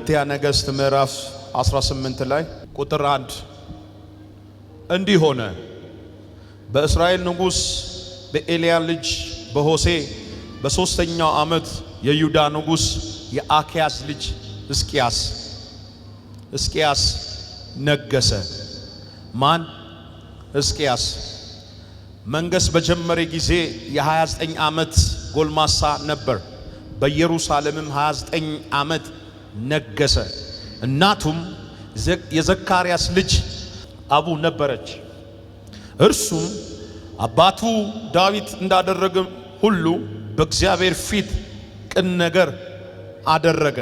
ሁለተኛ ነገሥት ምዕራፍ 18 ላይ ቁጥር 1 እንዲህ ሆነ በእስራኤል ንጉሥ በኤልያ ልጅ በሆሴ በሦስተኛው ዓመት የይሁዳ ንጉሥ የአክያስ ልጅ እስቂያስ እስቂያስ ነገሰ። ማን እስቂያስ መንገስ በጀመረ ጊዜ የ29 ዓመት ጎልማሳ ነበር። በኢየሩሳሌምም 29 ዓመት ነገሰ። እናቱም የዘካርያስ ልጅ አቡ ነበረች። እርሱም አባቱ ዳዊት እንዳደረገ ሁሉ በእግዚአብሔር ፊት ቅን ነገር አደረገ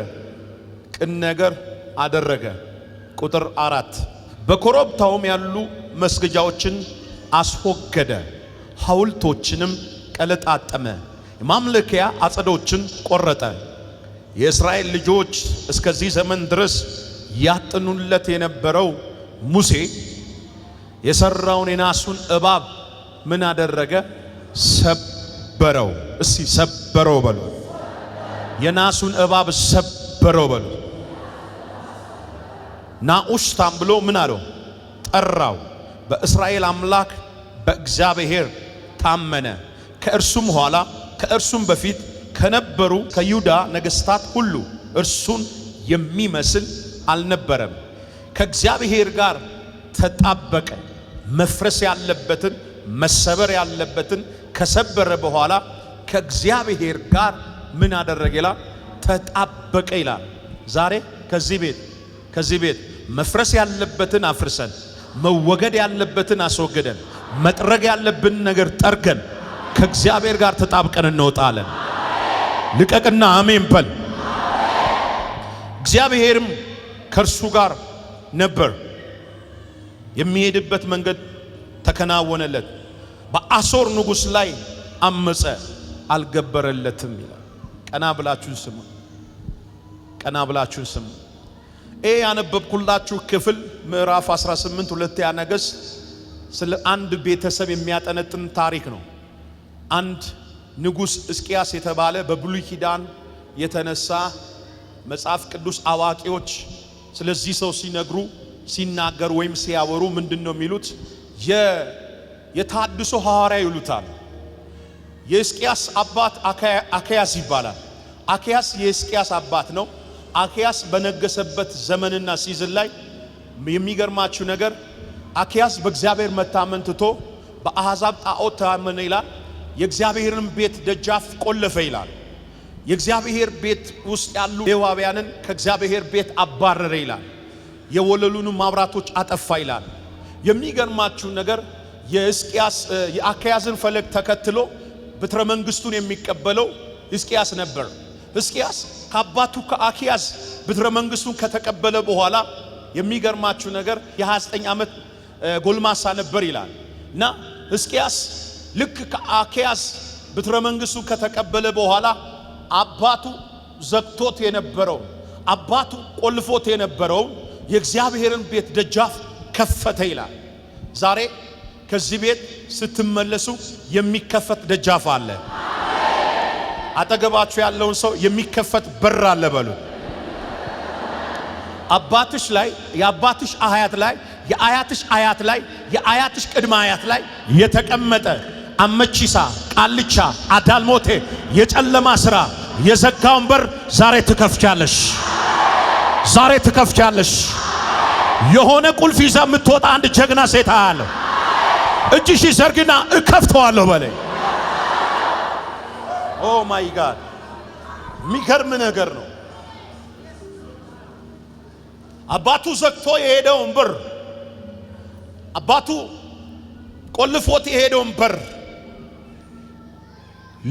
ቅን ነገር አደረገ። ቁጥር አራት በኮረብታውም ያሉ መስገጃዎችን አስወገደ፣ ሐውልቶችንም ቀለጣጠመ፣ የማምለኪያ አጸዶችን ቆረጠ። የእስራኤል ልጆች እስከዚህ ዘመን ድረስ ያጥኑለት የነበረው ሙሴ የሰራውን የናሱን እባብ ምን አደረገ? ሰበረው። እስቲ ሰበረው በሉ። የናሱን እባብ ሰበረው በሉ። ናኡሽታም ብሎ ምን አለው? ጠራው። በእስራኤል አምላክ በእግዚአብሔር ታመነ። ከእርሱም ኋላ ከእርሱም በፊት ከነበሩ ከይሁዳ ነገሥታት ሁሉ እርሱን የሚመስል አልነበረም። ከእግዚአብሔር ጋር ተጣበቀ። መፍረስ ያለበትን መሰበር ያለበትን ከሰበረ በኋላ ከእግዚአብሔር ጋር ምን አደረገ ይላል? ተጣበቀ ይላል። ዛሬ ከዚህ ቤት ከዚህ ቤት መፍረስ ያለበትን አፍርሰን መወገድ ያለበትን አስወግደን መጥረግ ያለብን ነገር ጠርገን ከእግዚአብሔር ጋር ተጣብቀን እንወጣለን። ልቀቅና አሜን በል። እግዚአብሔርም ከእርሱ ጋር ነበር፣ የሚሄድበት መንገድ ተከናወነለት። በአሶር ንጉሥ ላይ አመፀ፣ አልገበረለትም ይላል። ቀና ብላችሁን ስሙ፣ ቀና ብላችሁን ስሙ። ይህ ያነበብኩላችሁ ክፍል ምዕራፍ 18 ሁለተኛ ነገሥት ስለ አንድ ቤተሰብ የሚያጠነጥን ታሪክ ነው። አንድ ንጉሥ ሕዝቅያስ የተባለ በብሉይ ኪዳን የተነሳ መጽሐፍ ቅዱስ አዋቂዎች ስለዚህ ሰው ሲነግሩ ሲናገሩ ወይም ሲያወሩ ምንድን ነው የሚሉት? የታድሶ ሐዋርያ ይሉታል። የሕዝቅያስ አባት አካያስ ይባላል። አካያስ የሕዝቅያስ አባት ነው። አካያስ በነገሰበት ዘመንና ሲዝን ላይ የሚገርማችሁ ነገር አክያስ በእግዚአብሔር መታመን ትቶ በአሕዛብ ጣዖት ታመነ ይላል። የእግዚአብሔርን ቤት ደጃፍ ቆለፈ ይላል። የእግዚአብሔር ቤት ውስጥ ያሉ ሌዋውያንን ከእግዚአብሔር ቤት አባረረ ይላል። የወለሉን ማብራቶች አጠፋ ይላል። የሚገርማችሁ ነገር የሕዝቅያስ የአካያዝን ፈለግ ተከትሎ ብትረ መንግስቱን የሚቀበለው እስቅያስ ነበር። እስቅያስ ከአባቱ ከአኪያዝ ብትረ መንግስቱን ከተቀበለ በኋላ የሚገርማችሁ ነገር የ29 ዓመት ጎልማሳ ነበር ይላል እና እስቅያስ ልክ ከአኪያስ ብትረ መንግሥቱ ከተቀበለ በኋላ አባቱ ዘግቶት የነበረው አባቱ ቆልፎት የነበረው የእግዚአብሔርን ቤት ደጃፍ ከፈተ ይላል። ዛሬ ከዚህ ቤት ስትመለሱ የሚከፈት ደጃፍ አለ። አጠገባችሁ ያለውን ሰው የሚከፈት በር አለ በሉ። አባትሽ ላይ የአባትሽ አያት ላይ የአያትሽ አያት ላይ የአያትሽ ቅድመ አያት ላይ የተቀመጠ አመቺሳ፣ ቃልቻ፣ አዳልሞቴ የጨለማ ስራ የዘጋውን በር ዛሬ ትከፍቻለሽ፣ ዛሬ ትከፍቻለሽ። የሆነ ቁልፍ ይዛ የምትወጣ አንድ ጀግና ሴት አለ። እጅሽ ዘርግና እከፍተዋለሁ በለ። ኦ ማይ ጋድ! የሚገርም ነገር ነው። አባቱ ዘግቶ የሄደውን በር አባቱ ቆልፎት የሄደውን በር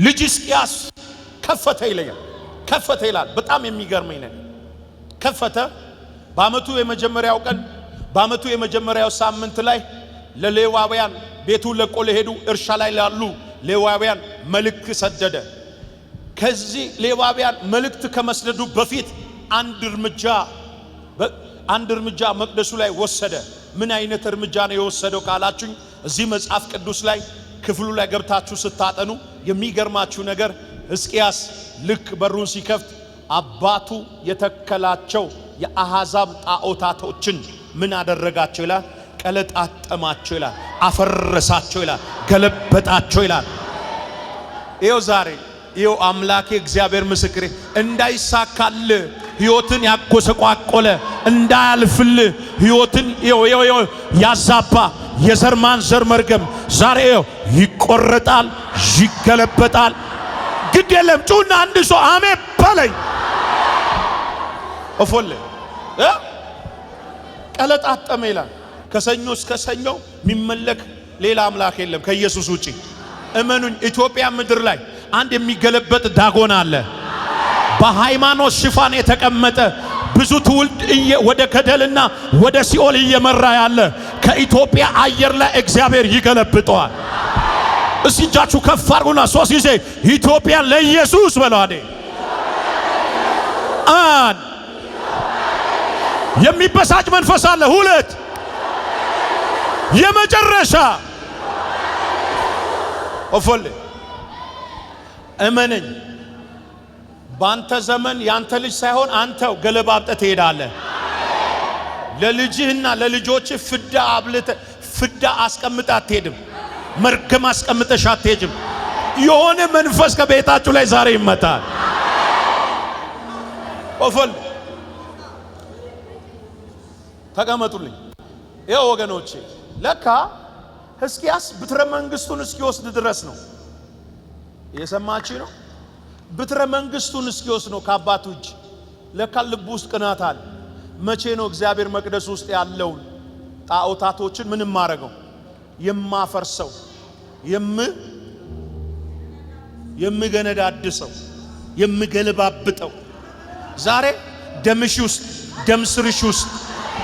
ልጅ እስቅያስ ከፈተ ይለኛል። ከፈተ ይላል። በጣም የሚገርመኝ ነው። ከፈተ በአመቱ የመጀመሪያው ቀን በአመቱ የመጀመሪያው ሳምንት ላይ ለሌዋውያን ቤቱ ለቆ ለሄዱ እርሻ ላይ ላሉ ሌዋውያን መልእክት ሰደደ። ከዚህ ሌዋውያን መልእክት ከመስደዱ በፊት አንድ እርምጃ አንድ እርምጃ መቅደሱ ላይ ወሰደ። ምን አይነት እርምጃ ነው የወሰደው ካላችሁኝ እዚህ መጽሐፍ ቅዱስ ላይ ክፍሉ ላይ ገብታችሁ ስታጠኑ የሚገርማችሁ ነገር ሕዝቅያስ ልክ በሩን ሲከፍት አባቱ የተከላቸው የአሕዛብ ጣዖታቶችን ምን አደረጋቸው ይላል? ቀለጣጠማቸው ይላል፣ አፈረሳቸው ይላል፣ ገለበጣቸው ይላል። ይኸው ዛሬ ይኸው አምላኬ እግዚአብሔር ምስክሬ እንዳይሳካልህ ህይወትን ያጎሰቋቆለ እንዳያልፍልህ ህይወትን ያዛባ የዘር ማንዘር መርገም ዛሬ ይቆረጣል፣ ይገለበጣል። ግድ የለም ጩና አንድ ሰው አሜ በለኝ። እፎለ ቀለጣጠመ ይላል። ከሰኞ እስከ ሰኞ የሚመለክ ሌላ አምላክ የለም ከኢየሱስ ውጪ። እመኑኝ ኢትዮጵያ ምድር ላይ አንድ የሚገለበጥ ዳጎን አለ። በሃይማኖት ሽፋን የተቀመጠ ብዙ ትውልድ ወደ ገደልና ወደ ሲኦል እየመራ ያለ ከኢትዮጵያ አየር ላይ እግዚአብሔር ይገለብጠዋል። እስኪ እጃችሁ ከፍ አርጉና ሶስት ጊዜ ኢትዮጵያን ለኢየሱስ በለው። አን የሚበሳጭ መንፈስ አለ። ሁለት የመጨረሻ ኦፎሌ እመነኝ ባንተ ዘመን ያንተ ልጅ ሳይሆን አንተው ገለባብጠህ ትሄዳለህ። ለልጅህና ለልጆች ፍዳ አብልተህ ፍዳ አስቀምጠ አትሄድም። መርገም አስቀምጠሽ አትሄጅም። የሆነ መንፈስ ከቤታችሁ ላይ ዛሬ ይመታል። ቆፈል ተቀመጡልኝ። ይኸው ወገኖቼ ለካ ሕዝቅያስ ብትረ መንግስቱን እስኪወስድ ድረስ ነው። እየሰማችሁ ነው። ብትረ መንግስቱን እስኪወስድ ነው ከአባቱ እጅ። ለካ ልብ ውስጥ ቅናት አለ። መቼ ነው እግዚአብሔር መቅደስ ውስጥ ያለውን ጣዖታቶችን ምን ማረገው የማፈርሰው የም የምገነዳድሰው የምገለባብጠው? ዛሬ ደምሽ ውስጥ ደምስርሽ ውስጥ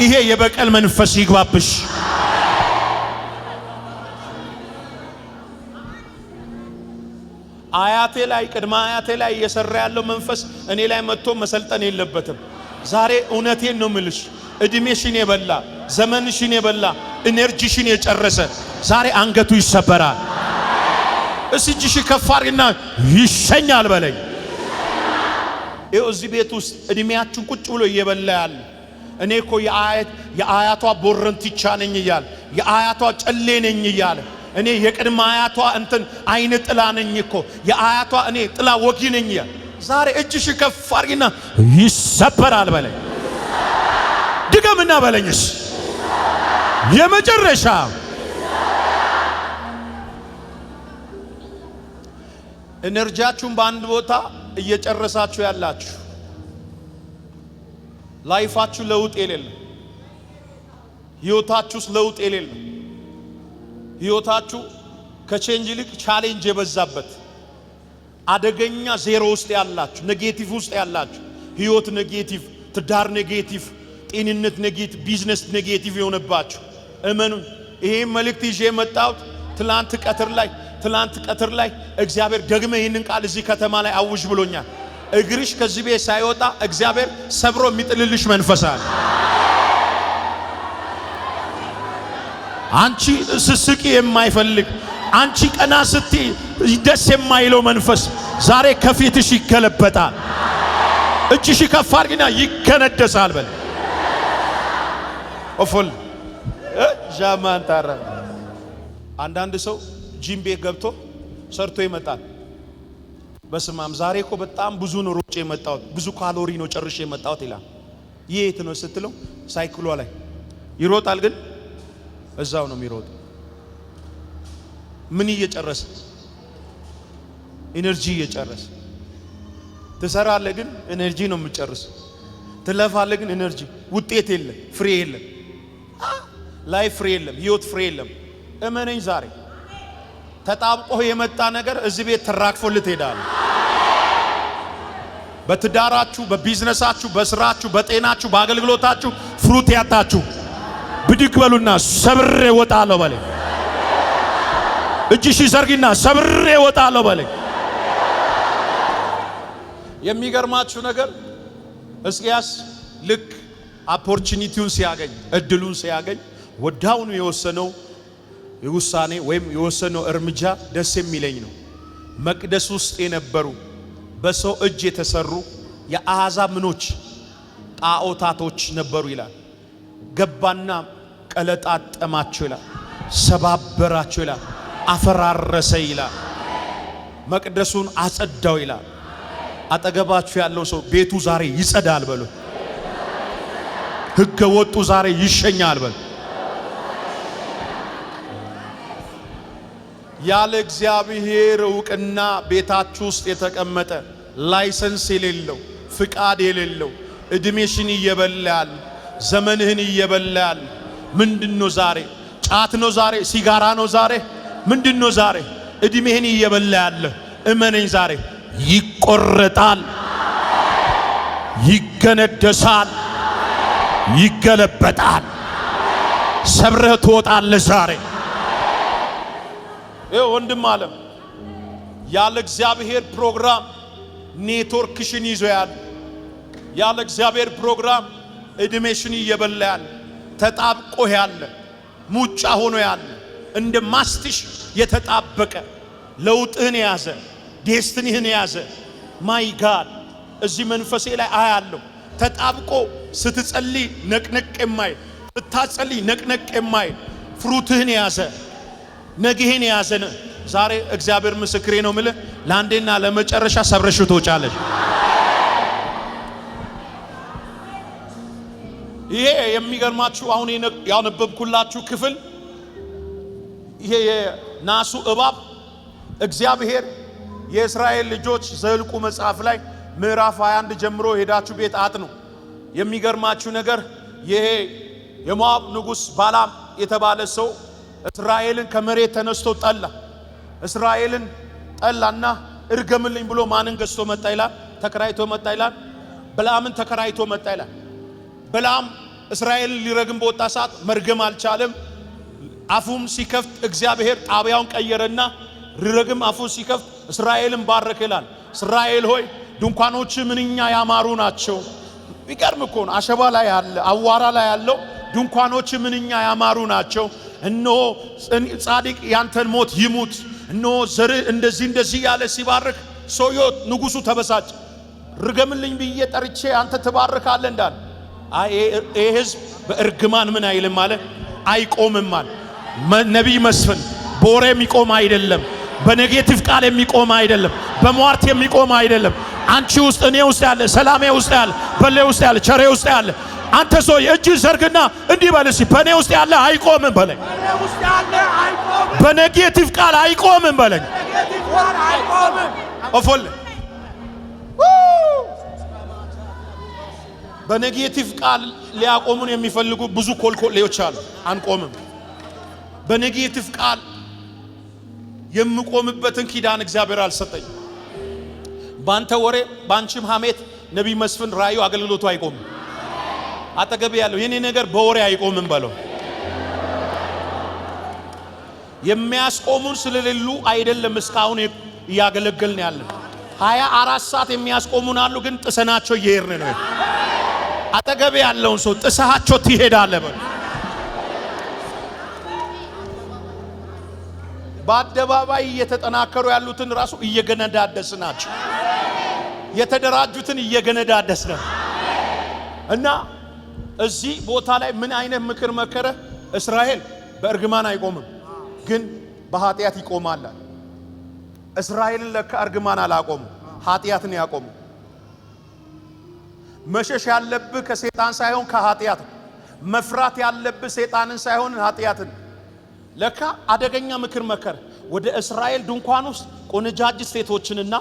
ይሄ የበቀል መንፈስ ይግባብሽ። አያቴ ላይ ቅድመ አያቴ ላይ እየሰራ ያለው መንፈስ እኔ ላይ መጥቶ መሰልጠን የለበትም። ዛሬ እውነቴን ነው ምልሽ። እድሜሽን የበላ ዘመንሽን የበላ ኢነርጂሽን የጨረሰ ዛሬ አንገቱ ይሰበራል። እስጅሽ ከፋሪና ይሸኛል በለኝ። ይኸው እዚህ ቤት ውስጥ እድሜያችን ቁጭ ብሎ እየበላ ያለ እኔ እኮ የአያቷ ቦረንቲቻ ነኝ እያለ የአያቷ ጨሌ ነኝ እያለ እኔ የቅድመ አያቷ እንትን አይን ጥላ ነኝ እኮ የአያቷ እኔ ጥላ ወጊ ነኝ። ዛሬ እጅሽ ከፍ አርጊና ይሰበራል በለኝ፣ ድገምና በለኝስ የመጨረሻ እነርጃችሁን በአንድ ቦታ እየጨረሳችሁ ያላችሁ ላይፋችሁ ለውጥ የሌለ ህይወታችሁስ ለውጥ የሌለ ህይወታችሁ ከቼንጅ ይልቅ ቻሌንጅ የበዛበት አደገኛ ዜሮ ውስጥ ያላችሁ፣ ኔጌቲቭ ውስጥ ያላችሁ፣ ህይወት ኔጌቲቭ፣ ትዳር ኔጌቲቭ፣ ጤንነት ኔጌቲቭ፣ ቢዝነስ ኔጌቲቭ የሆነባችሁ እመኑ። ይሄን መልእክት ይዤ የመጣሁት ትላንት ቀትር ላይ ትላንት ቀትር ላይ እግዚአብሔር ደግመ ይህንን ቃል እዚህ ከተማ ላይ አውጅ ብሎኛል። እግርሽ ከዚህ ቤት ሳይወጣ እግዚአብሔር ሰብሮ የሚጥልልሽ መንፈሳል አንቺ ስስቂ የማይፈልግ አንቺ ቀና ስቲ ደስ የማይለው መንፈስ ዛሬ ከፊትሽ ይገለበጣል። እጅሽ ከፍ አድርጊና ይገነደሳል። በል ኦፎል ጃማን ታራ አንዳንድ ሰው ጂም ቤት ገብቶ ሰርቶ ይመጣል። በስማም ዛሬ እኮ በጣም ብዙ ነው ሮጬ የመጣሁት ብዙ ካሎሪ ነው ጨርሼ የመጣሁት ይላል። የት ነው ስትለው ሳይክሏ ላይ ይሮጣል ግን እዛው ነው የሚሮጥ። ምን እየጨረሰ ኢነርጂ እየጨረሰ ትሰራለህ፣ ግን ኢነርጂ ነው የምጨርስ። ትለፋለህ፣ ግን ኢነርጂ ውጤት የለም፣ ፍሬ የለም፣ ላይፍ ፍሬ የለም፣ ህይወት ፍሬ የለም። እመነኝ ዛሬ ተጣብቆ የመጣ ነገር እዚህ ቤት ተራክፎ ልትሄዳለህ። በትዳራችሁ፣ በቢዝነሳችሁ፣ በስራችሁ፣ በጤናችሁ፣ በአገልግሎታችሁ ፍሩት ያታችሁ ብድግ በሉና ሰብሬ ወጣለሁ በለኝ። እጅሽ ዘርጊና ሰብሬ ወጣለሁ በለኝ። የሚገርማችሁ ነገር ሕዝቅያስ ልክ ኦፖርቹኒቲውን ሲያገኝ እድሉን ሲያገኝ ወዳውኑ የወሰነው ውሳኔ ወይም የወሰነው እርምጃ ደስ የሚለኝ ነው። መቅደስ ውስጥ የነበሩ በሰው እጅ የተሰሩ የአሕዛብ ምኖች ጣዖታቶች ነበሩ ይላል። ገባና ቀለጣጠማችሁ ይላል፣ ሰባበራችሁ ይላል፣ አፈራረሰ ይላል፣ መቅደሱን አጸዳው ይላል። አጠገባችሁ ያለው ሰው ቤቱ ዛሬ ይጸዳል በሉ። ህገ ወጡ ዛሬ ይሸኛል በሉ። ያለ እግዚአብሔር እውቅና ቤታችሁ ውስጥ የተቀመጠ ላይሰንስ የሌለው ፍቃድ የሌለው እድሜሽን እየበላል፣ ዘመንህን እየበላል ምንድን ነው ዛሬ? ጫት ነው ዛሬ? ሲጋራ ነው ዛሬ? ምንድን ነው ዛሬ? እድሜህን እየበላ ያለ እመነኝ፣ ዛሬ ይቆረጣል፣ ይገነደሳል፣ ይገለበጣል። ሰብረህ ትወጣለህ ዛሬ። ይኸው ወንድም አለም ያለ እግዚአብሔር ፕሮግራም ኔትወርክሽን ይዞ ያለ ያለ እግዚአብሔር ፕሮግራም እድሜሽን እየበላ ያለ ተጣብቆ ያለ ሙጫ ሆኖ ያለ እንደ ማስትሽ የተጣበቀ ለውጥህን የያዘ ዴስትኒህን የያዘ ማይ ጋድ እዚህ መንፈሴ ላይ አያለሁ። ተጣብቆ ስትጸልይ ነቅነቅ የማይል ስታጸልይ ነቅነቅ የማይል ፍሩትህን የያዘ ነግህን የያዘ ዛሬ እግዚአብሔር ምስክሬ ነው ምልህ ለአንዴና ለመጨረሻ ሰብረሽ ትወጫለሽ። ይሄ የሚገርማችሁ አሁን ያነበብኩላችሁ ክፍል ይሄ የናሱ እባብ እግዚአብሔር የእስራኤል ልጆች ዘልቁ መጽሐፍ ላይ ምዕራፍ 21 ጀምሮ ሄዳችሁ ቤት አጥኑ። የሚገርማችሁ ነገር ይሄ የሞዓብ ንጉሥ ባላም የተባለ ሰው እስራኤልን ከመሬት ተነስቶ ጠላ። እስራኤልን ጠላና እርገምልኝ ብሎ ማንን ገዝቶ መጣ ይላል? ተከራይቶ መጣ ይላል። በለዓምን ተከራይቶ መጣ ይላል። በላም እስራኤል ሊረግም በወጣ ሰዓት መርገም አልቻለም። አፉም ሲከፍት እግዚአብሔር ጣቢያውን ቀየረና ሊረግም አፉ ሲከፍት እስራኤልን ባረክ ይላል። እስራኤል ሆይ ድንኳኖች ምንኛ ያማሩ ናቸው። ይገርም እኮ ነው። አሸባ ላይ ያለ አዋራ ላይ ያለው ድንኳኖች ምንኛ ያማሩ ናቸው። እነሆ ጻድቅ ያንተን ሞት ይሙት፣ እነሆ ዘር እንደዚህ እንደዚህ ያለ ሲባርክ ሰውየው ንጉሱ ተበሳጭ ርገምልኝ ብዬ ጠርቼ አንተ ትባርካለህ እንዳለ ይህ ህዝብ በእርግማን ምን አይልም አለ አይቆምም አለ ነቢይ መስፍን በወሬ የሚቆም አይደለም። በኔጌቲቭ ቃል የሚቆም አይደለም። በሟርት የሚቆም አይደለም። አንቺ ውስጥ፣ እኔ ውስጥ ያለ፣ ሰላሜ ውስጥ ያለ፣ በሌ ውስጥ ያለ፣ ቸሬ ውስጥ ያለ አንተ ሰው የእጅ ዘርግና እንዲህ በል እስቲ በእኔ ውስጥ ያለ አይቆምም በለኝ። በኔጌቲቭ ቃል አይቆምም በለኝ። ኦፎል በኔጌቲቭ ቃል ሊያቆሙን የሚፈልጉ ብዙ ኮልኮሌዎች አሉ። አንቆምም። በኔጌቲቭ ቃል የምቆምበትን ኪዳን እግዚአብሔር አልሰጠኝ። ባንተ ወሬ፣ ባንቺም ሐሜት ነቢይ መስፍን ራዩ አገልግሎቱ አይቆምም። አጠገብ ያለው የኔ ነገር በወሬ አይቆምም በለው። የሚያስቆሙን ስለሌሉ አይደለም እስካሁን እያገለገልን ያለን። ሀያ አራት ሰዓት የሚያስቆሙን አሉ፣ ግን ጥሰናቸው እየሄድን ነው። አጠገብ ያለውን ሰው ጥሳቸው ትሄዳለ። በአደባባይ እየተጠናከሩ ያሉትን ራሱ እየገነዳደስ ናቸው። የተደራጁትን እየገነዳደስ ነው። እና እዚህ ቦታ ላይ ምን አይነት ምክር መከረ? እስራኤል በእርግማን አይቆምም፣ ግን በኃጢአት ይቆማል። እስራኤልን ለካ እርግማን አላቆሙ ኃጢአትን ያቆሙ መሸሽ ያለብህ ከሴጣን ሳይሆን ከኃጢአት ነው። መፍራት ያለብህ ሴጣንን ሳይሆን ኃጢአትን። ለካ አደገኛ ምክር መከር ወደ እስራኤል ድንኳን ውስጥ ቆነጃጅት ሴቶችንና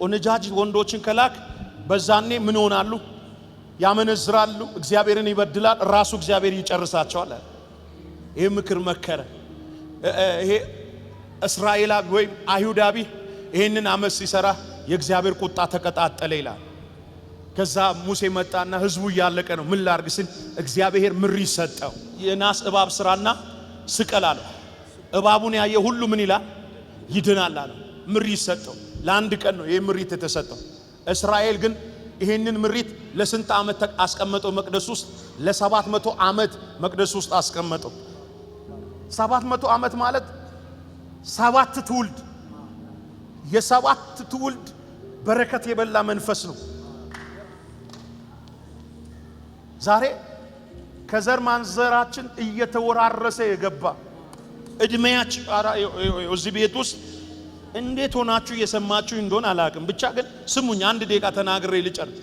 ቆነጃጅት ወንዶችን ከላክ በዛኔ ምን ሆናሉ? ያመነዝራሉ፣ እግዚአብሔርን ይበድላል፣ ራሱ እግዚአብሔር ይጨርሳቸዋል። ይህ ምክር መከረ። ይሄ እስራኤላዊ ወይም አይሁዳቢ ይህንን አመስ ሲሰራ የእግዚአብሔር ቁጣ ተቀጣጠለ ይላል። ከዛ ሙሴ መጣና ህዝቡ እያለቀ ነው፣ ምን ላርግ እግዚአብሔር ምሪ ሰጠው። የናስ እባብ ስራና ስቀል አለው። እባቡን ያየ ሁሉ ምን ይላል? ይድናል አለው። ምሪ ሰጠው። ለአንድ ቀን ነው ይህ ምሪት የተሰጠው። እስራኤል ግን ይህንን ምሪት ለስንት ዓመት አስቀመጠው? መቅደስ ውስጥ ለሰባት መቶ ዓመት መቅደስ ውስጥ አስቀመጠው። ሰባት መቶ ዓመት ማለት ሰባት ትውልድ የሰባት ትውልድ በረከት የበላ መንፈስ ነው። ዛሬ ከዘር ማንዘራችን እየተወራረሰ የገባ እድሜያችን እዚህ ቤት ውስጥ እንዴት ሆናችሁ እየሰማችሁ እንደሆን አላቅም። ብቻ ግን ስሙኝ፣ አንድ ደቂቃ ተናግሬ ልጨርስ።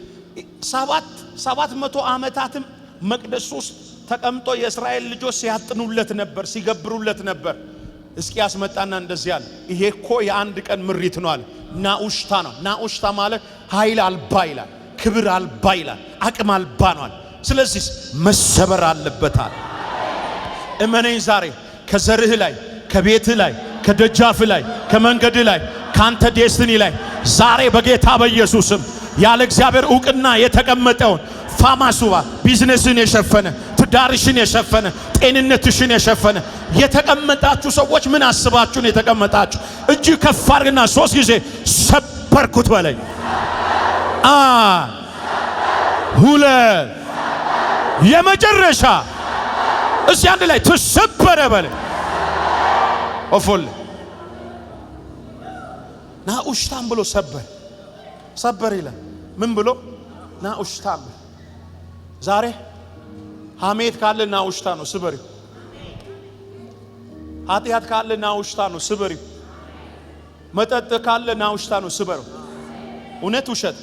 ሰባት ሰባት መቶ ዓመታትም መቅደስ ውስጥ ተቀምጦ የእስራኤል ልጆች ሲያጥኑለት ነበር፣ ሲገብሩለት ነበር። ሕዝቅያስ መጣና እንደዚህ አለ፣ ይሄ እኮ የአንድ ቀን ምሪት ነው አለ። ናኡሽታ ነው። ናኡሽታ ማለት ኃይል አልባ ይላል፣ ክብር አልባ ይላል፣ አቅም አልባ ነው አለ። ስለዚህ መሰበር አለበታል። እመነኝ ዛሬ ከዘርህ ላይ ከቤትህ ላይ ከደጃፍ ላይ ከመንገድ ላይ ካንተ ዴስትኒ ላይ ዛሬ በጌታ በኢየሱስም ያለ እግዚአብሔር ዕውቅና የተቀመጠውን ፋማሱባ ቢዝነስን የሸፈነ ትዳርሽን የሸፈነ ጤንነትሽን የሸፈነ የተቀመጣችሁ ሰዎች ምን አስባችሁን የተቀመጣችሁ? እጅ ከፍ አድርግና ሶስት ጊዜ ሰበርኩት በለኝ። አ ሁለት የመጨረሻ እስቲ አንድ ላይ ተሰበረ በለ ኦፎል ናኡሽታም ብሎ ሰበር ሰበር ይላል። ምን ብሎ ናኡሽታም? ዛሬ ሐሜት ካለ ናኡሽታ ነው ስበሪው። ኃጢአት ካለ ናኡሽታ ነው ስበሪ። መጠጥ ካለ ናኡሽታ ነው ስበሪ እውነት ውሸት፣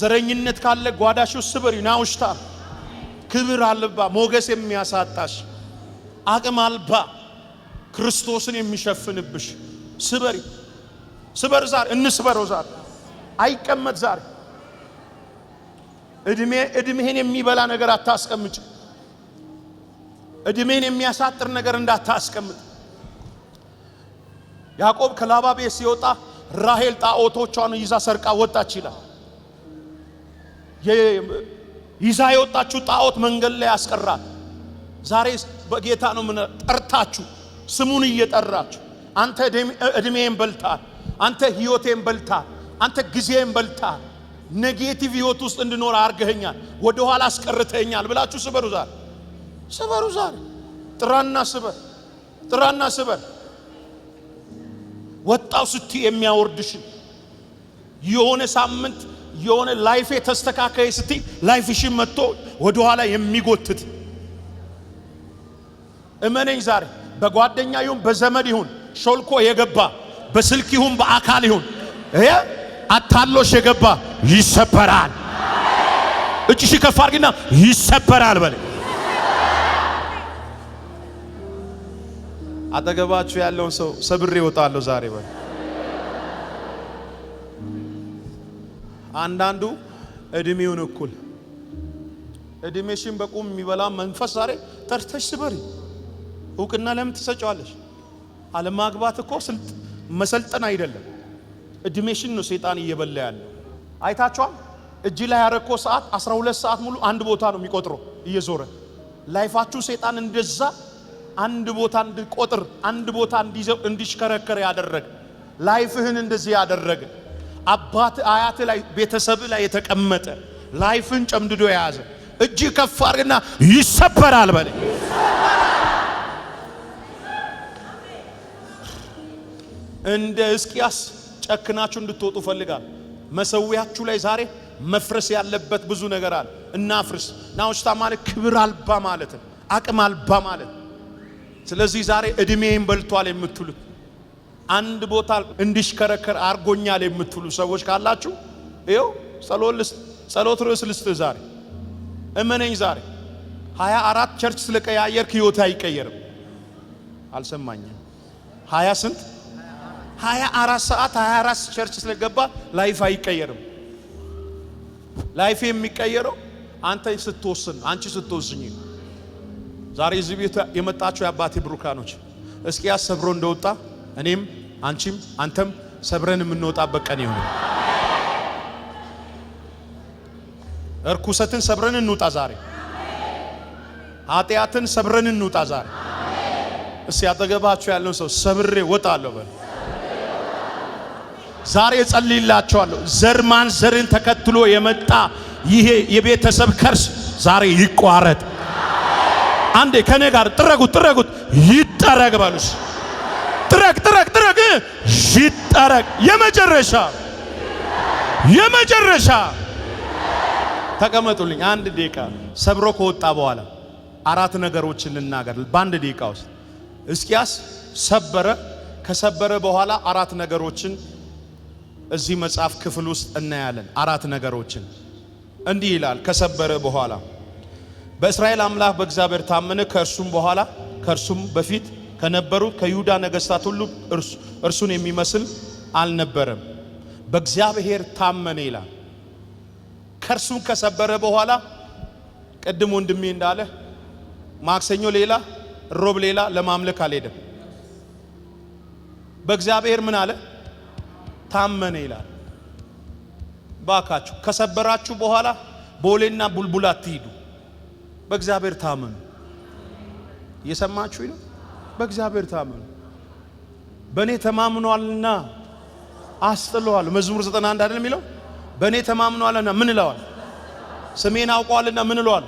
ዘረኝነት ካለ ጓዳሽ ስበሪው ናኡሽታ ነው ክብር አልባ ሞገስ የሚያሳጣሽ አቅም አልባ ክርስቶስን የሚሸፍንብሽ ስበሪ፣ ስበር፣ ዛሬ እንስበረው። ዛሬ አይቀመጥ። ዛሬ እድሜ እድሜህን የሚበላ ነገር አታስቀምጭ። እድሜን የሚያሳጥር ነገር እንዳታስቀምጥ። ያዕቆብ ከላባ ቤት ሲወጣ ራሄል ጣዖቶቿን ይዛ ሰርቃ ወጣች ይላል። ይዛ የወጣችሁ ጣዖት መንገድ ላይ ያስቀራል። ዛሬ በጌታ ነው ምን ጠርታችሁ ስሙን እየጠራችሁ አንተ እድሜን በልታል፣ አንተ ህይወቴን በልታል፣ አንተ ጊዜን በልታል፣ ኔጌቲቭ ህይወት ውስጥ እንድኖር አርገኸኛል፣ ወደ ኋላ አስቀርተኸኛል ብላችሁ ስበሩ። ዛሬ ስበሩ። ዛሬ ጥራና ስበር፣ ጥራና ስበር። ወጣው ስቲ የሚያወርድሽ የሆነ ሳምንት የሆነ ላይፌ ተስተካካይ ስቲ ላይፍሽን መጥቶ ወደኋላ የሚጎትት እመነኝ፣ ዛሬ በጓደኛ ይሁን በዘመድ ይሁን ሾልኮ የገባ በስልክ ይሁን በአካል ይሁን አታሎሽ የገባ ይሰበራል። እጅሽ ከፍ አድርጊና ይሰበራል በለ። አጠገባችሁ ያለውን ሰው ሰብሬ እወጣለሁ ዛሬ በለ። አንዳንዱ እድሜውን እኩል እድሜሽን በቁም የሚበላ መንፈስ ዛሬ ጠርተሽ ስበሪ። እውቅና ለምን ትሰጫዋለሽ? አለማግባት እኮ ስልጥ መሰልጠን አይደለም፣ እድሜሽን ነው ሴጣን እየበላ ያለው። አይታችኋል። እጅ ላይ ያረኮ ሰዓት 12 ሰዓት ሙሉ አንድ ቦታ ነው የሚቆጥረው እየዞረ ላይፋችሁ ሴጣን እንደዛ አንድ ቦታ እንድቆጥር አንድ ቦታ እንዲሽከረከር ያደረገ ላይፍህን እንደዚህ ያደረገ አባት አያት ላይ ቤተሰብ ላይ የተቀመጠ ላይፍን ጨምድዶ የያዘ እጅ ከፍ አድርግና ይሰበራል በለ። እንደ እስቂያስ ጨክናችሁ እንድትወጡ ፈልጋል። መሰዊያችሁ ላይ ዛሬ መፍረስ ያለበት ብዙ ነገር አለ እና ፍርስ ናውስታ ማለት ክብር አልባ ማለት አቅም አልባ ማለት ስለዚህ ዛሬ እድሜን በልቷል የምትሉት አንድ ቦታ እንዲሽከረከር አርጎኛል የምትሉ ሰዎች ካላችሁ ይኸው ጸሎት ርዕስ ልስት ዛሬ እመነኝ፣ ዛሬ ሀያ አራት ቸርች ስለቀያየርክ ህይወት አይቀየርም። አልሰማኝም። ሀያ ስንት ሀያ አራት ሰዓት ሀያ አራት ቸርች ስለገባ ላይፍ አይቀየርም። ላይፍ የሚቀየረው አንተ ስትወስን፣ አንቺ ስትወስኝ። ዛሬ እዚህ ቤት የመጣችሁ የአባቴ ብሩካኖች እስኪ ያሰብሮ እንደወጣ እኔም አንቺም አንተም ሰብረን የምንወጣበት ቀን ይሁን። እርኩሰትን ሰብረን እንውጣ ዛሬ። ኃጢአትን ሰብረን እንውጣ ዛሬ። እስቲ ያጠገባችሁ ያለውን ሰው ሰብሬ ወጣለሁ በል። ዛሬ እጸልይላችኋለሁ። ዘር ዘርን ተከትሎ የመጣ ይሄ የቤተሰብ ከርስ ዛሬ ይቋረጥ። አንዴ ከእኔ ጋር ጥረጉት፣ ጥረጉት፣ ይጠረግ በሉስ ጥረግ ጥረግ ጥረግ ይጠረግ። የመጨረሻ የመጨረሻ ተቀመጡልኝ። አንድ ደቂቃ ሰብሮ ከወጣ በኋላ አራት ነገሮችን ልናገር በአንድ ደቂቃ ውስጥ። እስኪያስ ሰበረ። ከሰበረ በኋላ አራት ነገሮችን እዚህ መጽሐፍ ክፍል ውስጥ እናያለን። አራት ነገሮችን እንዲህ ይላል። ከሰበረ በኋላ በእስራኤል አምላክ በእግዚአብሔር ታመነ። ከእርሱም በኋላ ከእርሱም በፊት ከነበሩት ከይሁዳ ነገሥታት ሁሉ እርሱን የሚመስል አልነበረም። በእግዚአብሔር ታመነ ይላል። ከእርሱን ከሰበረ በኋላ ቅድም ወንድሜ እንዳለ ማክሰኞ ሌላ፣ ሮብ ሌላ ለማምለክ አልሄደም። በእግዚአብሔር ምን አለ ታመነ ይላል። ባካችሁ ከሰበራችሁ በኋላ ቦሌና ቡልቡላ አትሂዱ። በእግዚአብሔር ታመኑ። እየሰማችሁ ነው። በእግዚአብሔር ታመኑ። በእኔ ተማምኗልና አስጥለዋል። መዝሙር 91 አይደል የሚለው በእኔ ተማምኗልና ምን ይለዋል? ስሜን አውቀዋልና ምን እለዋል?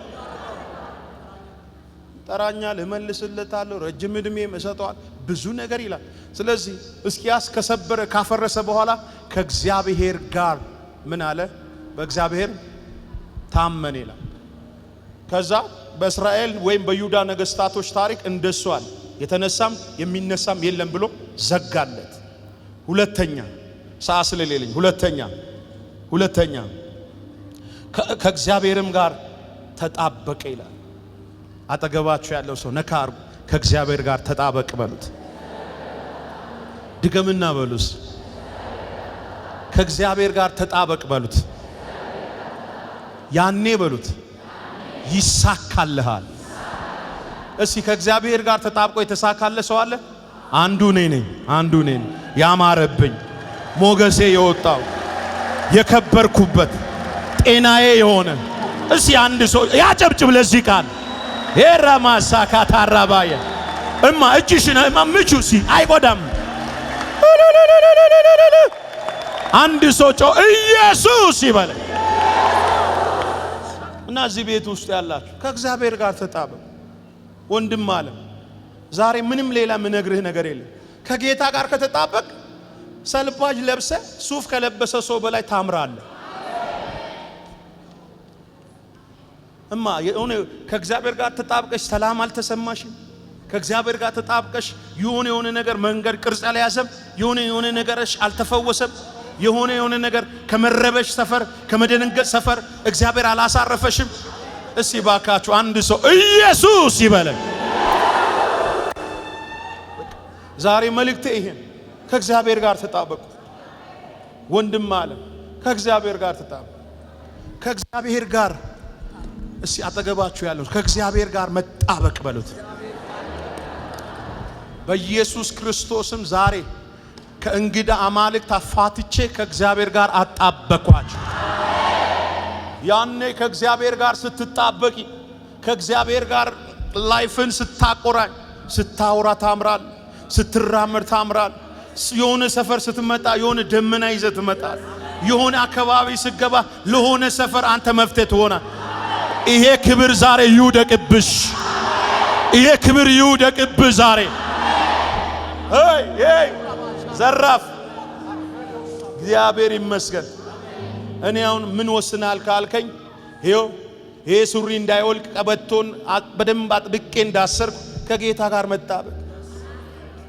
ይጠራኛል፣ እመልስለታለሁ፣ ረጅም ዕድሜም እሰጠዋል፣ ብዙ ነገር ይላል። ስለዚህ እስኪያስ ከሰበረ ካፈረሰ በኋላ ከእግዚአብሔር ጋር ምን አለ? በእግዚአብሔር ታመን ይላል። ከዛ በእስራኤል ወይም በይሁዳ ነገስታቶች ታሪክ እንደሱ አለ። የተነሳም የሚነሳም የለም ብሎ ዘጋለት። ሁለተኛ ሰዓት ስለሌለኝ፣ ሁለተኛ ሁለተኛ ከእግዚአብሔርም ጋር ተጣበቀ ይላል። አጠገባችሁ ያለው ሰው ነካ አርጉ። ከእግዚአብሔር ጋር ተጣበቅ በሉት። ድገምና በሉስ። ከእግዚአብሔር ጋር ተጣበቅ በሉት። ያኔ በሉት ይሳካልሃል። እስኪ ከእግዚአብሔር ጋር ተጣብቆ የተሳካለ ሰው አለ? አንዱ እኔ ነኝ። አንዱ እኔ ነኝ። ያማረብኝ፣ ሞገሴ የወጣው፣ የከበርኩበት፣ ጤናዬ የሆነ እስቲ አንድ ሰው ያጨብጭብ ለዚህ ቃል ሄራ ማሳካ ታራባየ እማ እጅሽን እማ ምቹ ሲ አይጎዳም። አንድ ሰው ጮ ኢየሱስ ይበለ እና እዚህ ቤት ውስጥ ያላችሁ ከእግዚአብሔር ጋር ተጣበቁ። ወንድም አለ ዛሬ ምንም ሌላ ምነግርህ ነገር የለም። ከጌታ ጋር ከተጣበቅ ሰልባጅ ለብሰ ሱፍ ከለበሰ ሰው በላይ ታምራለ እማ የሆነ ከእግዚአብሔር ጋር ተጣብቀሽ ሰላም አልተሰማሽም። ከእግዚአብሔር ጋር ተጣብቀሽ የሆነ የሆነ ነገር መንገድ ቅርጽ አልያዘም። የሆነ የሆነ ነገርሽ አልተፈወሰም። የሆነ የሆነ ነገር ከመረበሽ ሰፈር ከመደነገጥ ሰፈር እግዚአብሔር አላሳረፈሽም። እስቲ ባካችሁ አንድ ሰው ኢየሱስ ይበለን። ዛሬ መልእክቴ ይሄን ከእግዚአብሔር ጋር ተጣበቁ። ወንድም አለ ከእግዚአብሔር ጋር ተጣበቁ። ከእግዚአብሔር ጋር እስቲ አጠገባችሁ ያለው ከእግዚአብሔር ጋር መጣበቅ በሉት። በኢየሱስ ክርስቶስም ዛሬ ከእንግዳ አማልክት አፋትቼ ከእግዚአብሔር ጋር አጣበኳችሁ። ያኔ ከእግዚአብሔር ጋር ስትጣበቂ ከእግዚአብሔር ጋር ላይፍን ስታቆራኝ ስታወራ ታምራል፣ ስትራመድ ታምራል። የሆነ ሰፈር ስትመጣ የሆነ ደመና ይዘ ትመጣል። የሆነ አካባቢ ስገባ ለሆነ ሰፈር አንተ መፍትሄ ትሆናል። ይሄ ክብር ዛሬ ይውደቅብሽ። ይሄ ክብር ይውደቅብ ዛሬ። ዘራፍ እግዚአብሔር ይመስገን። እኔ አሁን ምን ወስናል ካልከኝ፣ ይኸው ይሄ ሱሪ እንዳይወልቅ ቀበቶን በደንብ አጥብቄ እንዳሰርኩ ከጌታ ጋር መጣበቅ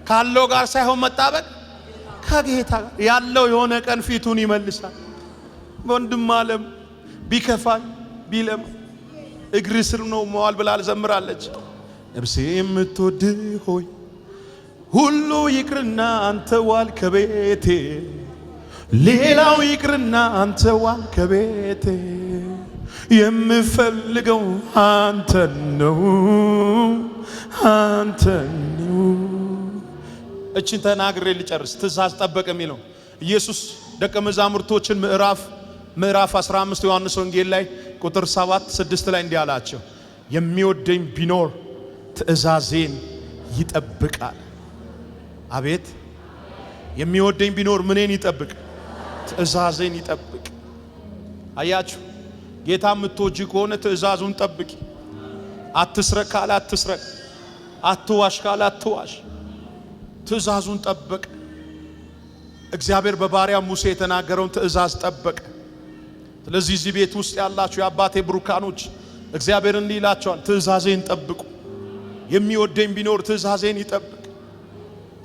ካለው ጋር ሳይሆን መጣበቅ ከጌታ ጋር ያለው የሆነ ቀን ፊቱን ይመልሳል። ወንድም አለም ቢከፋኝ ቢለም እግር ስር ነው መዋል ብላ ዘምራለች። ነብሴ የምትወድ ሆይ ሁሉ ይቅርና አንተ ዋል ከቤቴ ሌላው ይቅርና አንተዋን ከቤቴ የምፈልገው አንተን ነው አንተን እችን ተናግሬ ልጨርስ። ትእዛዝ ጠበቅ የሚለው ኢየሱስ ደቀ መዛሙርቶችን ምዕራፍ ምዕራፍ 15 ዮሐንስ ወንጌል ላይ ቁጥር 7 6 ላይ እንዲህ አላቸው፣ የሚወደኝ ቢኖር ትእዛዜን ይጠብቃል። አቤት የሚወደኝ ቢኖር ምኔን ይጠብቃል ትእዛዜን ይጠብቅ። አያችሁ ጌታ የምትወጂ ከሆነ ትእዛዙን ጠብቂ። አትስረቅ ካለ አትስረቅ፣ አትዋሽ ካለ አትዋሽ። ትእዛዙን ጠበቀ። እግዚአብሔር በባሪያ ሙሴ የተናገረውን ትእዛዝ ጠበቀ። ስለዚህ እዚህ ቤት ውስጥ ያላችሁ የአባቴ ብሩካኖች እግዚአብሔር እንዲህ ይላቸዋል፣ ትእዛዜን ጠብቁ። የሚወደኝ ቢኖር ትእዛዜን ይጠብቅ።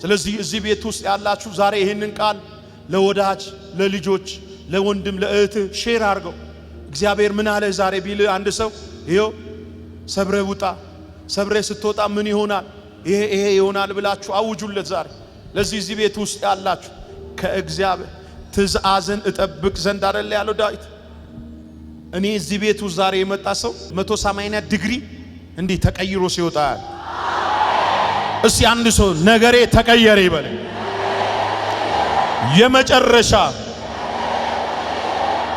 ስለዚህ እዚህ ቤት ውስጥ ያላችሁ ዛሬ ይህንን ቃል ለወዳጅ ለልጆች፣ ለወንድም ለእህት ሼር አድርገው። እግዚአብሔር ምን አለ ዛሬ ቢል አንድ ሰው ይኸው ሰብረ ውጣ፣ ሰብረ ስትወጣ ምን ይሆናል ይሄ ይሄ ይሆናል ብላችሁ አውጁለት ዛሬ። ለዚህ እዚህ ቤት ውስጥ ያላችሁ ከእግዚአብሔር ትእዛዝን እጠብቅ ዘንድ አደለ ያለው ዳዊት። እኔ እዚህ ቤት ውስጥ ዛሬ የመጣ ሰው 180 ዲግሪ እንዲህ ተቀይሮ ሲወጣ እስቲ አንድ ሰው ነገሬ ተቀየረ ይበለኝ። የመጨረሻ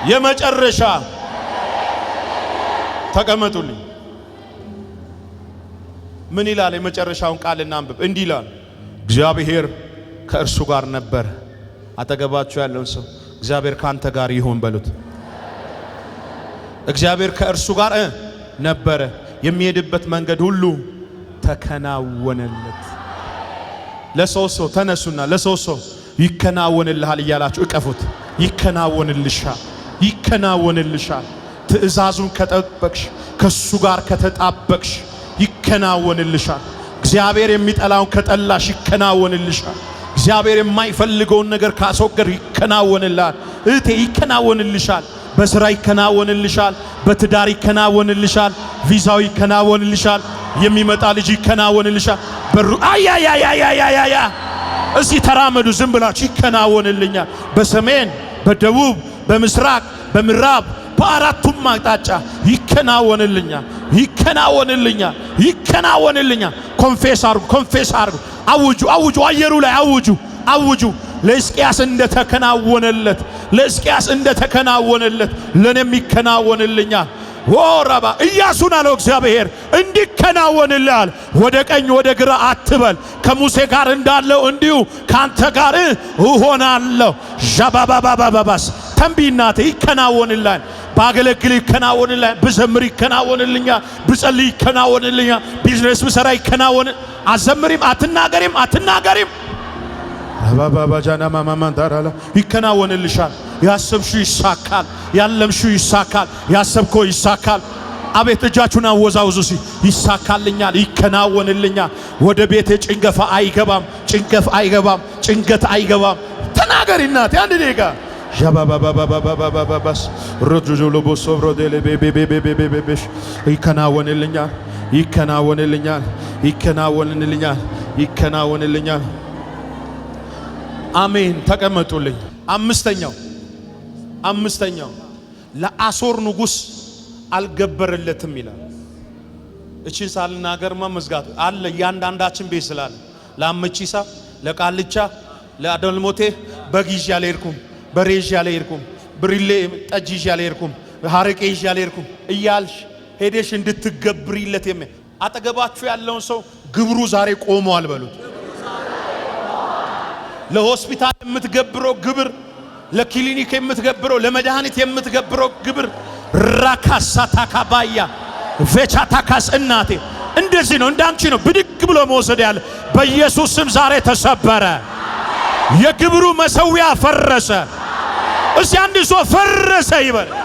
የመጨረሻ ተቀመጡልኝ። ምን ይላል? የመጨረሻውን ቃል እናንብብ። እንዲህ ይላል፣ እግዚአብሔር ከእርሱ ጋር ነበር። አጠገባችሁ ያለውን ሰው እግዚአብሔር ካንተ ጋር ይሁን በሉት። እግዚአብሔር ከእርሱ ጋር ነበረ፣ የሚሄድበት መንገድ ሁሉ ተከናወነለት። ለሶስት ሰው ተነሱና ለሶስት ሰው ይከናወንልሃል እያላችሁ እቀፉት። ይከናወንልሻ ይከናወንልሻል። ትእዛዙን ከጠበቅሽ፣ ከሱ ጋር ከተጣበቅሽ ይከናወንልሻል። እግዚአብሔር የሚጠላውን ከጠላሽ ይከናወንልሻል። እግዚአብሔር የማይፈልገውን ነገር ካስወገድ ይከናወንልሃል። እህቴ ይከናወንልሻል። በስራ ይከናወንልሻል። በትዳር ይከናወንልሻል። ቪዛው ይከናወንልሻል። የሚመጣ ልጅ ይከናወንልሻል። በሩ አያያያያያያ እስቲ ተራመዱ። ዝም ብላችሁ ይከናወንልኛል። በሰሜን በደቡብ በምስራቅ በምዕራብ በአራቱም አቅጣጫ ይከናወንልኛል፣ ይከናወንልኛል፣ ይከናወንልኛል። ኮንፌስ አርጉ፣ ኮንፌስ አርጉ። አውጁ፣ አውጁ፣ አየሩ ላይ አውጁ፣ አውጁ። ለሕዝቅያስ እንደተከናወነለት፣ ለሕዝቅያስ እንደተከናወነለት ለእኔም ይከናወንልኛል። ወራባ ኢያሱን አለው እግዚአብሔር እንዲከናወንልሃል። ወደ ቀኝ ወደ ግራ አትበል። ከሙሴ ጋር እንዳለው እንዲሁ ካንተ ጋር እሆናለሁ። ዣባባባባባስ ተንቢናተ ይከናወንልሃል። ባገለግል ይከናወንልሃል። ብዘምር ይከናወንልኛል። ብጸልይ ይከናወንልኛል። ቢዝነስ ብሰራ ይከናወን። አዘምሪም አትናገሪም አትናገሪም አባባባጃና ማማማንታራላ ይከናወንልሻል። ያሰብሽው ይሳካል። ያለምሽው ይሳካል። ያሰብኮ ይሳካል። አቤት እጃችሁን አወዛውዙ። ሲ ይሳካልኛል፣ ይከናወንልኛል። ወደ ቤቴ ጭንገፋ አይገባም፣ ጭንገፍ አይገባም፣ ጭንገት አይገባም። ተናገሪ እናቴ አንድ ደቂቃ ዣባባባባባባባባስ ሮጆጆሎቦ ይከናወንልኛል አሜን። ተቀመጡልኝ። አምስተኛው አምስተኛው ለአሶር ንጉሥ አልገበረለትም ይላል። እቺን ሳልናገርማ መዝጋት አለ። እያንዳንዳችን ቤት ስላለ ለአመቺሳ፣ ለቃልቻ፣ ለአደልሞቴ በግ ይዤ አልሄድኩም፣ በሬ ይዤ አልሄድኩም፣ ብሪሌ ጠጅ ይዤ አልሄድኩም፣ ሀረቄ ይዤ አልሄድኩም እያልሽ ሄደሽ እንድትገብሪለት የሚ አጠገባችሁ ያለውን ሰው ግብሩ ዛሬ ቆመዋል በሉት። ለሆስፒታል የምትገብረው ግብር፣ ለክሊኒክ የምትገብረው፣ ለመድኃኒት የምትገብረው ግብር ራካሳ ታካባያ ቬቻ ታካስ እናቴ እንደዚህ ነው። እንዳንቺ ነው ብድግ ብሎ መውሰድ ያለ በኢየሱስ ስም ዛሬ ተሰበረ። የግብሩ መሰዊያ ፈረሰ። እስቲ አንድ ሰው ፈረሰ ይበል።